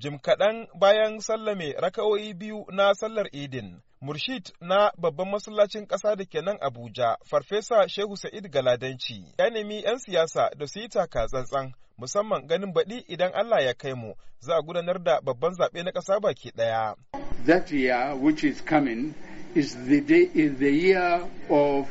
jim kaɗan bayan sallame raka'o'i biyu na sallar idin Murshid na babban masallacin ƙasa da ke nan Abuja, Farfesa Shehu Sa'id Galadanci, ya nemi 'yan siyasa da su yi taka tsantsan, musamman ganin baɗi idan Allah ya kai mu, za a gudanar da babban zaɓe na ƙasa baki ɗaya. That year which is the day in the year of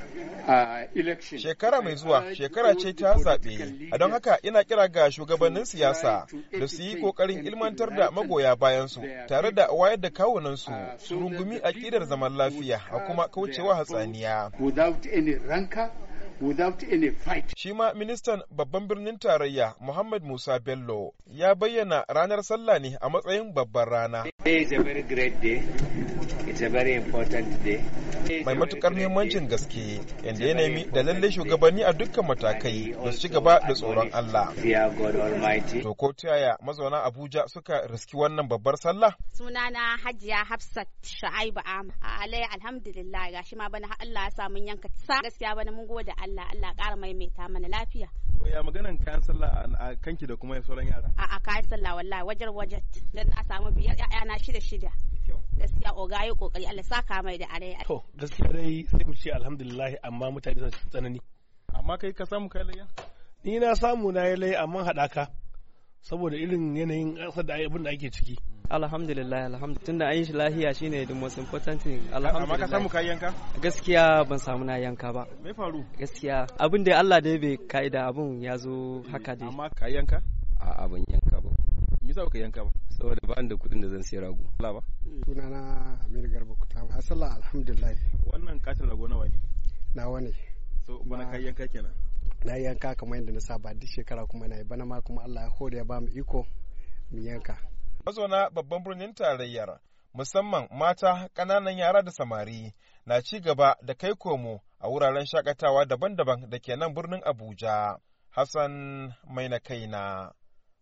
uh, Shekara mai zuwa shekara ce ta zaɓe, a don haka ina kira ga shugabannin siyasa da su yi ƙoƙarin ilmantar da magoya bayansu tare da wayar da kawunansu uh, su rungumi a ƙidar zaman lafiya a kuma kaucewa hatsaniya. without any fight. Shi ma ministan babban birnin tarayya Muhammad Musa Bello ya bayyana ranar sallah ne a matsayin babbar rana. Today is a very great day. It's a very important day. mai matukar muhimmancin gaske inda ya nemi da lallai shugabanni a dukkan matakai da su ci gaba da tsoron Allah. To ko yaya mazauna Abuja suka riski wannan babbar sallah? Sunana Hajiya Hafsat Sha'aibu Am. Alai alhamdulillah gashi ma bana Allah ya samu yanka sa gaskiya bana mun gode Allah Allah ƙara maimaita mana lafiya. To ya maganan kayan sallah a kanki da kuma sauran yara? A'a kayan sallah wallahi wajar wajar dan a samu biyar 'ya'yana shida shida. gaskiya oga yi kokari Allah saka mai da arai to gaskiya dai sai mu ce alhamdulillah amma mutane sun tsanani amma kai ka samu kai layya ni na samu na yi layya amma hadaka saboda irin yanayin ƙasar da abin da ake ciki alhamdulillah alhamdulillah tunda an yi shi lahiya shine the most important thing alhamdulillah amma ka samu kai yanka gaskiya ban samu na yanka ba me faru gaskiya abin da Allah da bai kaida abun ya zo haka dai amma kai yanka a abun yanka me yasa baka yanka ba saboda ba da kudin da zan sayi rago Allah ba na Amir Garba ba asala ah, alhamdulillah wannan katin rago nawa ne na wani so bana kai yanka kenan na yanka kamar yadda na saba duk shekara kuma na yi bana ma kuma Allah ya hore ya ba mu iko mu yanka mazauna babban birnin tarayyar musamman mata ƙananan yara da samari na ci gaba da kai komo a wuraren shakatawa daban-daban da ke nan birnin abuja hassan mai na kaina